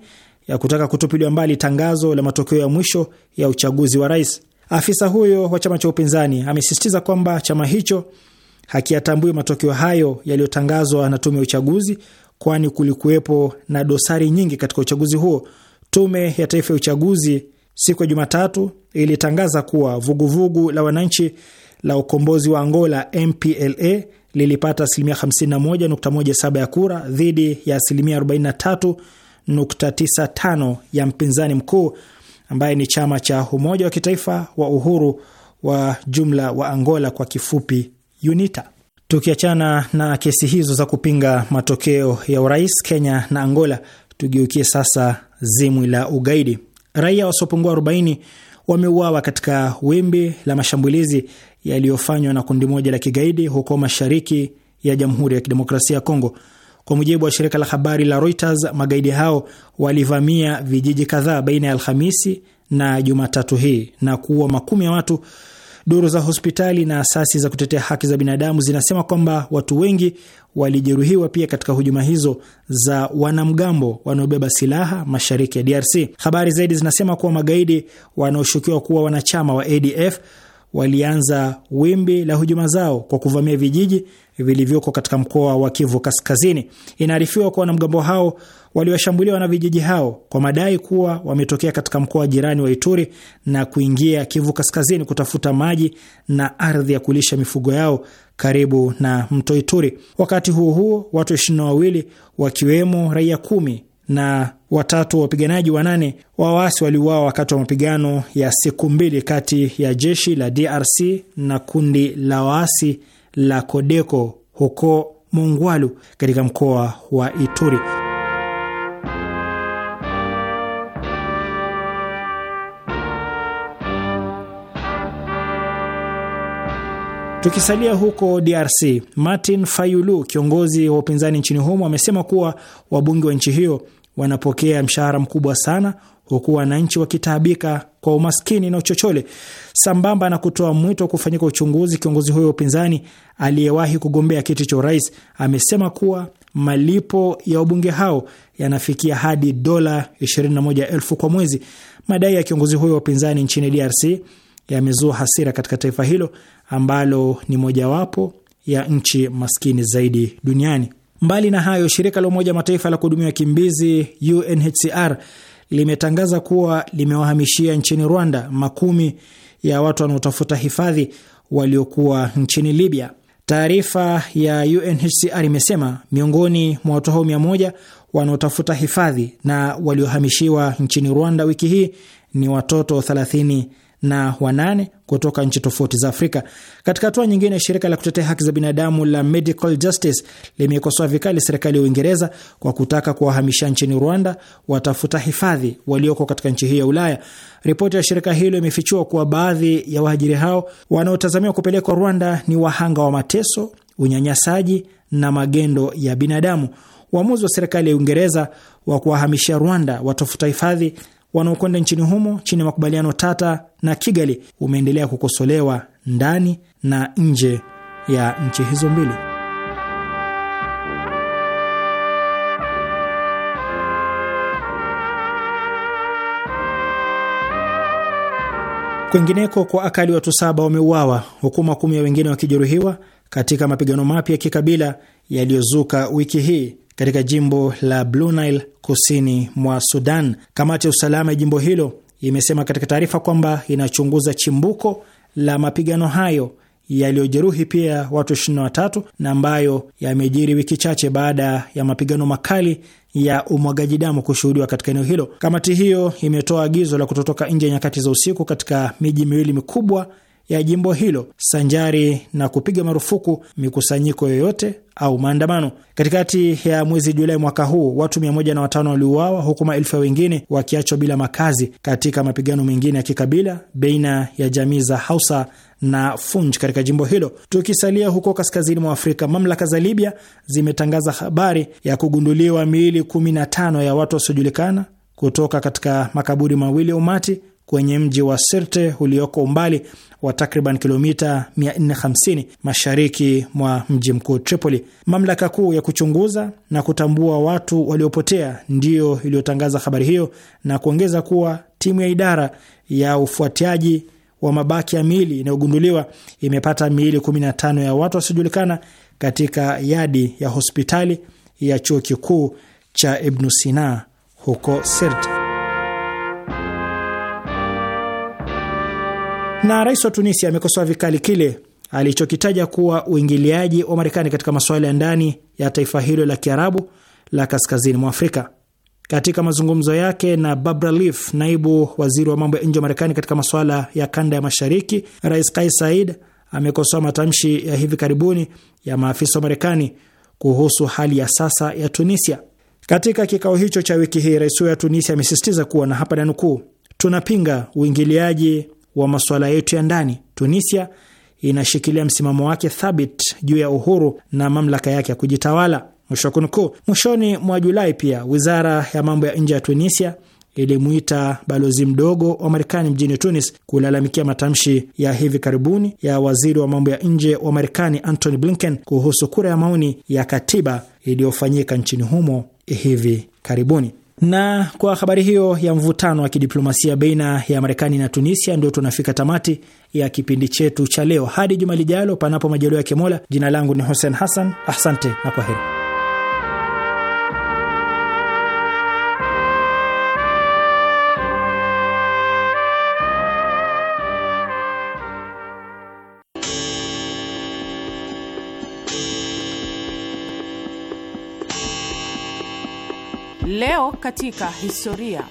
ya kutaka kutupiliwa mbali tangazo la matokeo ya mwisho ya uchaguzi wa rais. Afisa huyo wa chama cha upinzani amesisitiza kwamba chama hicho hakiyatambui matokeo hayo yaliyotangazwa na tume ya uchaguzi, kwani kulikuwepo na dosari nyingi katika uchaguzi huo. Tume ya Taifa ya Uchaguzi siku ya Jumatatu ilitangaza kuwa vuguvugu vugu la wananchi la ukombozi wa Angola MPLA lilipata asilimia 51.17 ya kura dhidi ya asilimia 95 ya mpinzani mkuu ambaye ni chama cha Umoja wa Kitaifa wa Uhuru wa Jumla wa Angola, kwa kifupi UNITA. Tukiachana na kesi hizo za kupinga matokeo ya urais Kenya na Angola, tugeukie sasa zimwi la ugaidi. Raia wasiopungua 40 wameuawa katika wimbi la mashambulizi yaliyofanywa na kundi moja la kigaidi huko mashariki ya Jamhuri ya Kidemokrasia ya Kongo. Kwa mujibu wa shirika la habari la Reuters, magaidi hao walivamia vijiji kadhaa baina ya Alhamisi na Jumatatu hii na kuua makumi ya watu. Duru za hospitali na asasi za kutetea haki za binadamu zinasema kwamba watu wengi walijeruhiwa pia katika hujuma hizo za wanamgambo wanaobeba silaha mashariki ya DRC. Habari zaidi zinasema kuwa magaidi wanaoshukiwa kuwa wanachama wa ADF walianza wimbi la hujuma zao kwa kuvamia vijiji vilivyoko katika mkoa wa Kivu Kaskazini. Inaarifiwa kuwa wanamgambo hao waliwashambulia wanavijiji hao kwa madai kuwa wametokea katika mkoa jirani wa Ituri na kuingia Kivu Kaskazini kutafuta maji na ardhi ya kulisha mifugo yao karibu na mto Ituri. Wakati huo huo, watu ishirini na wawili wakiwemo raia kumi na watatu wa wapiganaji wanane wa waasi waliuawa wakati wa mapigano ya siku mbili kati ya jeshi la DRC na kundi la waasi la Kodeko huko Mongwalu katika mkoa wa Ituri. Tukisalia huko DRC, Martin Fayulu, kiongozi wa upinzani nchini humo, amesema kuwa wabunge wa nchi hiyo wanapokea mshahara mkubwa sana, huku wananchi wakitaabika kwa umaskini na uchochole. Sambamba na kutoa mwito wa kufanyika uchunguzi, kiongozi huyo wa upinzani aliyewahi kugombea kiti cha urais amesema kuwa malipo ya wabunge hao yanafikia hadi dola 21,000 kwa mwezi. Madai ya kiongozi huyo wa upinzani nchini DRC yamezua hasira katika taifa hilo ambalo ni mojawapo ya nchi maskini zaidi duniani. Mbali na hayo, shirika la Umoja Mataifa la kuhudumia wakimbizi UNHCR limetangaza kuwa limewahamishia nchini Rwanda makumi ya watu wanaotafuta hifadhi waliokuwa nchini Libya. Taarifa ya UNHCR imesema miongoni mwa watu hao mia moja wanaotafuta hifadhi na waliohamishiwa nchini Rwanda wiki hii ni watoto thelathini na wanane kutoka nchi tofauti za Afrika. Katika hatua nyingine, shirika la kutetea haki za binadamu la Medical Justice limekosoa vikali serikali ya Uingereza kwa kutaka kuwahamisha nchini Rwanda watafuta hifadhi walioko katika nchi hiyo ya Ulaya. Ripoti ya shirika hilo imefichua kuwa baadhi ya waajiri hao wanaotazamiwa kupelekwa Rwanda ni wahanga wa mateso, unyanyasaji na magendo ya binadamu. Uamuzi wa serikali ya Uingereza wa kuwahamishia Rwanda watafuta hifadhi wanaokwenda nchini humo chini ya makubaliano tata na Kigali umeendelea kukosolewa ndani na nje ya nchi hizo mbili. Kwingineko, kwa akali watu saba wameuawa huku makumi ya wengine wakijeruhiwa katika mapigano mapya ya kikabila yaliyozuka wiki hii katika jimbo la Blue Nile kusini mwa Sudan. Kamati ya usalama ya jimbo hilo imesema katika taarifa kwamba inachunguza chimbuko la mapigano hayo yaliyojeruhi pia watu 23 na ambayo yamejiri wiki chache baada ya mapigano makali ya umwagaji damu kushuhudiwa katika eneo hilo. Kamati hiyo imetoa agizo la kutotoka nje ya nyakati za usiku katika miji miwili mikubwa ya jimbo hilo sanjari na kupiga marufuku mikusanyiko yoyote au maandamano. Katikati ya mwezi Julai mwaka huu watu 105 waliuawa huku maelfu ya wengine wakiachwa bila makazi katika mapigano mengine ya kikabila baina ya jamii za Hausa na Funj katika jimbo hilo. Tukisalia huko kaskazini mwa Afrika, mamlaka za Libya zimetangaza habari ya kugunduliwa miili 15 ya watu wasiojulikana kutoka katika makaburi mawili ya umati kwenye mji wa Sirte ulioko umbali wa takriban kilomita 450 mashariki mwa mji mkuu Tripoli. Mamlaka kuu ya kuchunguza na kutambua watu waliopotea ndiyo iliyotangaza habari hiyo na kuongeza kuwa timu ya idara ya ufuatiaji wa mabaki ya miili inayogunduliwa imepata miili 15 ya watu wasiojulikana katika yadi ya hospitali ya chuo kikuu cha Ibn Sina huko Sirte. Na rais wa Tunisia amekosoa vikali kile alichokitaja kuwa uingiliaji wa Marekani katika masuala ya ndani ya taifa hilo la Kiarabu la kaskazini mwa Afrika. Katika mazungumzo yake na Barbara Leaf, naibu waziri wa mambo ya nje wa Marekani katika masuala ya kanda ya mashariki, Rais Kais Said amekosoa matamshi ya hivi karibuni ya maafisa wa Marekani kuhusu hali ya sasa ya Tunisia. Katika kikao hicho cha wiki hii, rais huyo wa Tunisia amesisitiza kuwa na hapa na nukuu, tunapinga uingiliaji wa masuala yetu ya ndani, Tunisia inashikilia msimamo wake thabit juu ya uhuru na mamlaka yake ya kujitawala. Mwisho kunukuu. Mwishoni mwa Julai pia wizara ya mambo ya nje ya Tunisia ilimuita balozi mdogo wa Marekani mjini Tunis kulalamikia matamshi ya hivi karibuni ya waziri wa mambo ya nje wa Marekani Antony Blinken kuhusu kura ya maoni ya katiba iliyofanyika nchini humo hivi karibuni. Na kwa habari hiyo ya mvutano wa kidiplomasia baina ya Marekani na Tunisia, ndio tunafika tamati ya kipindi chetu cha leo. Hadi juma lijalo, panapo majaliwa ya Kemola, jina langu ni Hussein Hassan, asante na kwa heri. Leo katika historia.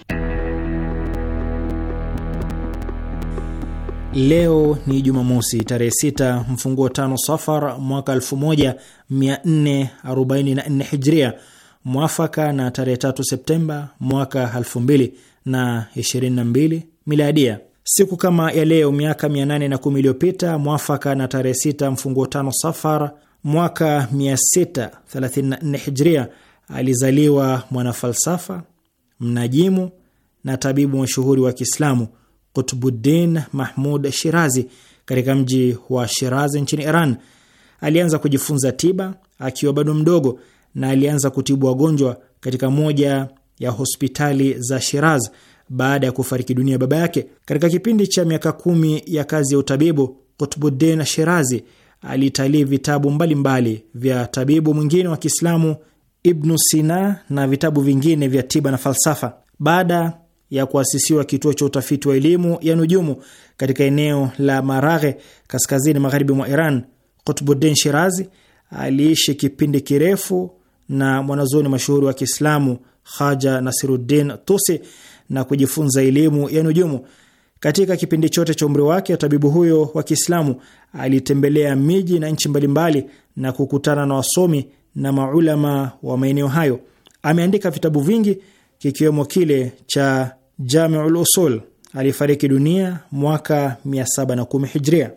Leo ni Jumamosi tarehe 6 mfunguo tano Safar mwaka 1444 Hijria, mwafaka na tarehe 3 Septemba mwaka 2022 Miladia. Siku kama ya leo miaka 810 iliyopita, mwafaka na tarehe 6 mfunguo tano Safar mwaka 634 Hijria, alizaliwa mwanafalsafa, mnajimu na tabibu mashuhuri wa Kiislamu Kutbuddin Mahmud Shirazi katika mji wa Shirazi nchini Iran. Alianza kujifunza tiba akiwa bado mdogo na alianza kutibu wagonjwa katika moja ya hospitali za Shiraz baada ya kufariki dunia baba yake. Katika kipindi cha miaka kumi ya kazi ya utabibu, Kutbuddin Shirazi alitalii vitabu mbalimbali mbali vya tabibu mwingine wa Kiislamu Ibnu Sina na vitabu vingine vya tiba na falsafa. Baada ya kuasisiwa kituo cha utafiti wa elimu ya nujumu katika eneo la Maraghe, kaskazini magharibi mwa Iran, Kutbuddin Shirazi aliishi kipindi kirefu na mwanazuoni mashuhuri wa Kiislamu Haja Nasiruddin Tusi na kujifunza elimu ya nujumu. Katika kipindi chote cha umri wake, tabibu huyo wa Kiislamu alitembelea miji na nchi mbalimbali na kukutana na wasomi na maulama wa maeneo hayo. Ameandika vitabu vingi kikiwemo kile cha Jamiul Usul. Alifariki dunia mwaka 710 Hijria.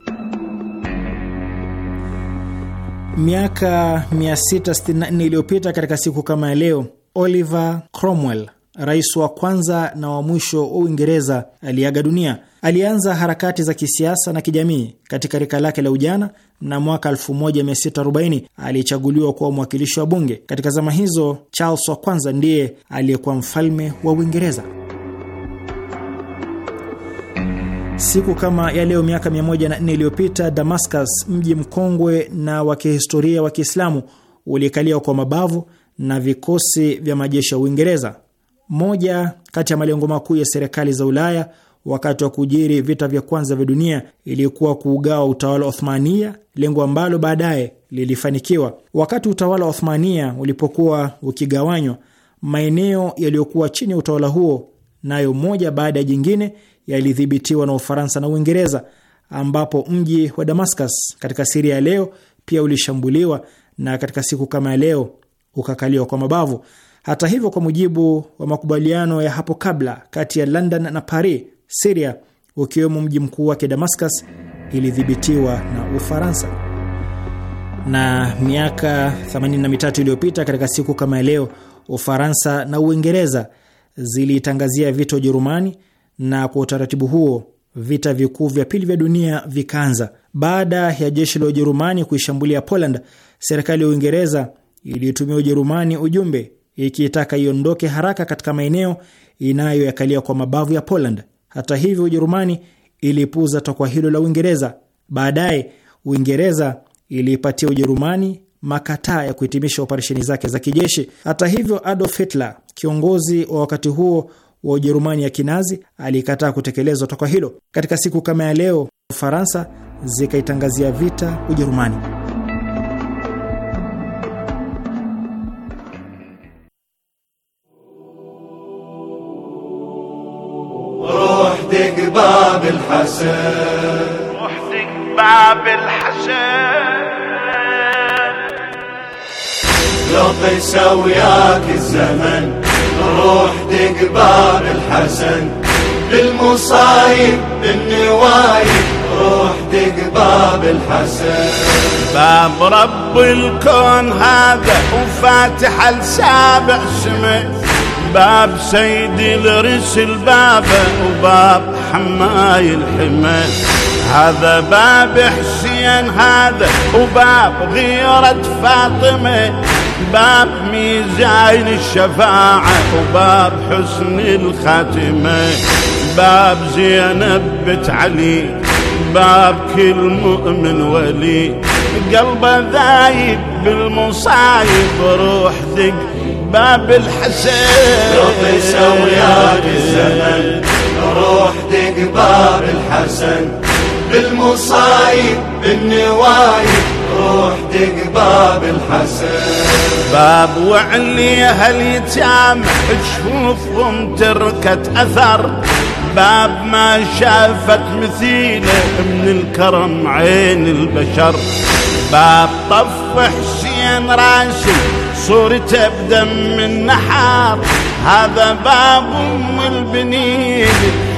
Miaka 664 iliyopita katika siku kama ya leo, Oliver Cromwell rais wa kwanza na wa mwisho wa Uingereza aliaga dunia. Alianza harakati za kisiasa na kijamii katika rika lake la ujana, na mwaka 1640 alichaguliwa kuwa mwakilishi wa bunge. Katika zama hizo, Charles wa kwanza ndiye aliyekuwa mfalme wa Uingereza. Siku kama ya leo miaka 104 iliyopita, Damascus, mji mkongwe na wa kihistoria wa Kiislamu, ulikalia kwa mabavu na vikosi vya majeshi ya Uingereza. Moja kati ya malengo makuu ya serikali za Ulaya wakati wa kujiri vita vya kwanza vya dunia ilikuwa kuugawa utawala wa Othmania, lengo ambalo baadaye lilifanikiwa. Wakati utawala wa Othmania ulipokuwa ukigawanywa, maeneo yaliyokuwa chini ya utawala huo nayo moja baada ya jingine yalidhibitiwa na Ufaransa na Uingereza, ambapo mji wa Damascus katika Siria ya leo pia ulishambuliwa na katika siku kama ya leo ukakaliwa kwa mabavu. Hata hivyo, kwa mujibu wa makubaliano ya hapo kabla kati ya London na Paris, Siria ukiwemo mji mkuu wake Damascus ilidhibitiwa na Ufaransa. Na miaka 83 iliyopita katika siku kama ya leo, Ufaransa na Uingereza zilitangazia vita Ujerumani, na kwa utaratibu huo vita vikuu vya pili vya dunia vikaanza. Baada ya jeshi la Ujerumani kuishambulia Poland, serikali ya Uingereza iliitumia Ujerumani ujumbe ikiitaka iondoke haraka katika maeneo inayoyakalia kwa mabavu ya Poland. Hata hivyo, Ujerumani ilipuuza takwa hilo la Uingereza. Baadaye Uingereza iliipatia Ujerumani makataa ya kuhitimisha operesheni zake za kijeshi. Hata hivyo, Adolf Hitler, kiongozi wa wakati huo wa Ujerumani ya Kinazi, alikataa kutekelezwa takwa hilo. Katika siku kama ya leo, Ufaransa zikaitangazia vita Ujerumani. محدق باب الحسن محدق باب الحسن لو قسى وياك الزمن روح دق باب الحسن بالمصايب بالنوايب روح دق باب الحسن باب رب الكون هذا وفاتح لسابع سمه باب سيد الرسل بابه وباب حماي الحمى هذا باب حسين هذا وباب غيرة فاطمة باب ميزان الشفاعة وباب حسن الخاتمة باب زينب بنت علي باب كل مؤمن ولي قلبه ذايد بالمصايب روح ثق باب الحسين رخص وياك الزمن روح ثق باب الحسن بالمصايب بالنوايب روح ثق باب الحسن باب وعليها يتام تشوفهم تركت اثر باب ما شافت مثيله من الكرم عين البشر باب طف حسين راسي صورته بدم النحار هذا باب ام البنين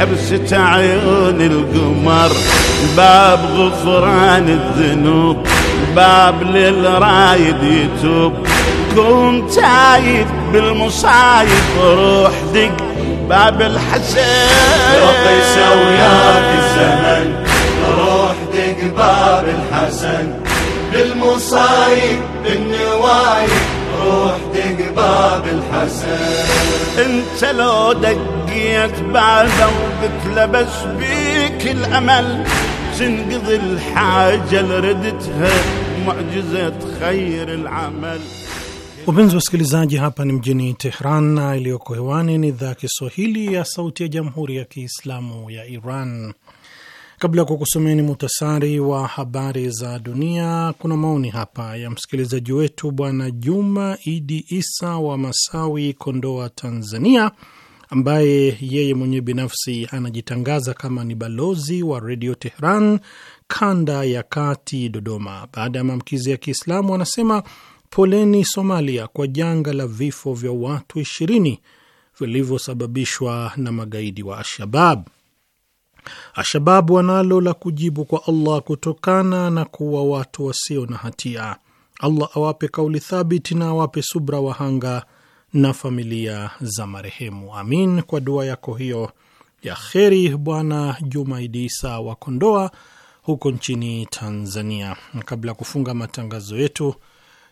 حبسة عيون القمر باب غفران الذنوب باب للرايد يتوب كون تايد بالمصايب روح دق باب الحسين رقص وياك الزمن روح دق باب الحسن بالمصايب بالنوايب روح دق باب الحسن انت لو دقيت بعده وقلت لبس بيك الامل تنقضي الحاجه لردتها معجزه خير العمل Wapenzi wasikilizaji, hapa ni mjini Tehran na iliyoko hewani ni idhaa ya Kiswahili ya Sauti ya Jamhuri ya Kiislamu ya Iran. Kabla ya kukusomeni muhtasari wa habari za dunia, kuna maoni hapa ya msikilizaji wetu Bwana Juma Idi Isa wa Masawi, Kondoa, Tanzania, ambaye yeye mwenyewe binafsi anajitangaza kama ni balozi wa Redio Tehran kanda ya kati Dodoma. Baada ya maamkizi ya Kiislamu anasema poleni Somalia kwa janga la vifo vya watu 20 vilivyosababishwa na magaidi wa Alshabab. Alshabab wanalo la kujibu kwa Allah kutokana na kuwa watu wasio na hatia. Allah awape kauli thabiti na awape subra wahanga na familia za marehemu. Amin. Kwa dua yako hiyo ya kheri, Bwana Jumaidi Isa wa Kondoa huko nchini Tanzania. Na kabla ya kufunga matangazo yetu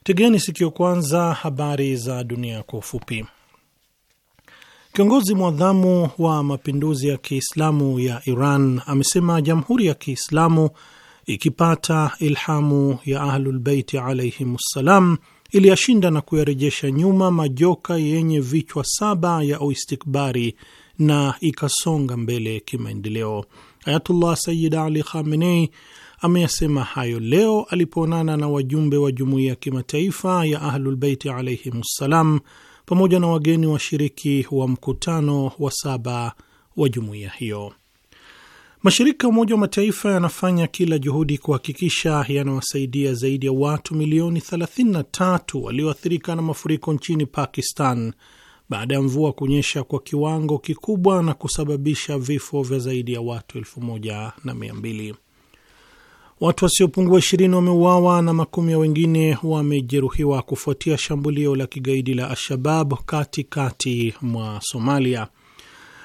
Tegeni sikio kwanza, habari za dunia kwa ufupi. Kiongozi mwadhamu wa mapinduzi ya Kiislamu ya Iran amesema jamhuri ya Kiislamu ikipata ilhamu ya Ahlulbeiti ssalam iliyashinda na kuyarejesha nyuma majoka yenye vichwa saba ya uistikbari na ikasonga mbele kimaendeleo. Ayatullah Sayyid Ali Khamenei ameyasema hayo leo alipoonana na wajumbe wa jumuiya ya kimataifa ya Ahlulbeiti ssalam pamoja na wageni washiriki wa mkutano wa saba wa jumuiya hiyo. Mashirika ya Umoja wa Mataifa yanafanya kila juhudi kuhakikisha yanawasaidia zaidi ya watu milioni 33 walioathirika na mafuriko nchini Pakistan baada ya mvua kunyesha kwa kiwango kikubwa na kusababisha vifo vya zaidi ya watu elfu moja na mia mbili. Watu wasiopungua ishirini wameuawa na makumi ya wengine wamejeruhiwa kufuatia shambulio la kigaidi la Al-Shabab katikati mwa Somalia.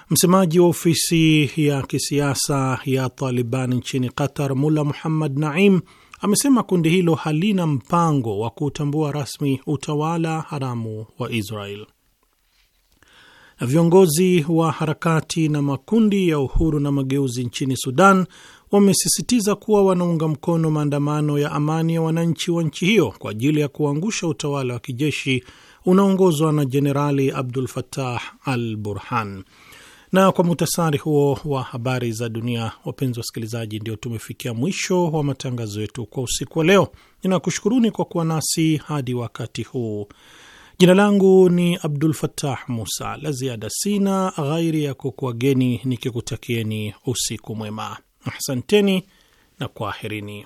Msemaji wa ofisi ya kisiasa ya Taliban nchini Qatar, Mula Muhammad Naim, amesema kundi hilo halina mpango wa kuutambua rasmi utawala haramu wa Israel. Na viongozi wa harakati na makundi ya uhuru na mageuzi nchini Sudan wamesisitiza kuwa wanaunga mkono maandamano ya amani ya wananchi wa nchi hiyo kwa ajili ya kuangusha utawala wa kijeshi unaoongozwa na Jenerali Abdul fatah al Burhan. Na kwa muhtasari huo wa habari za dunia, wapenzi wasikilizaji, ndio tumefikia mwisho wa matangazo yetu kwa usiku wa leo. Ninakushukuruni kwa kuwa nasi hadi wakati huu. Jina langu ni Abdul fatah Musa. La ziada sina ghairi ya kukuageni nikikutakieni usiku mwema. Ahsanteni na kwaherini.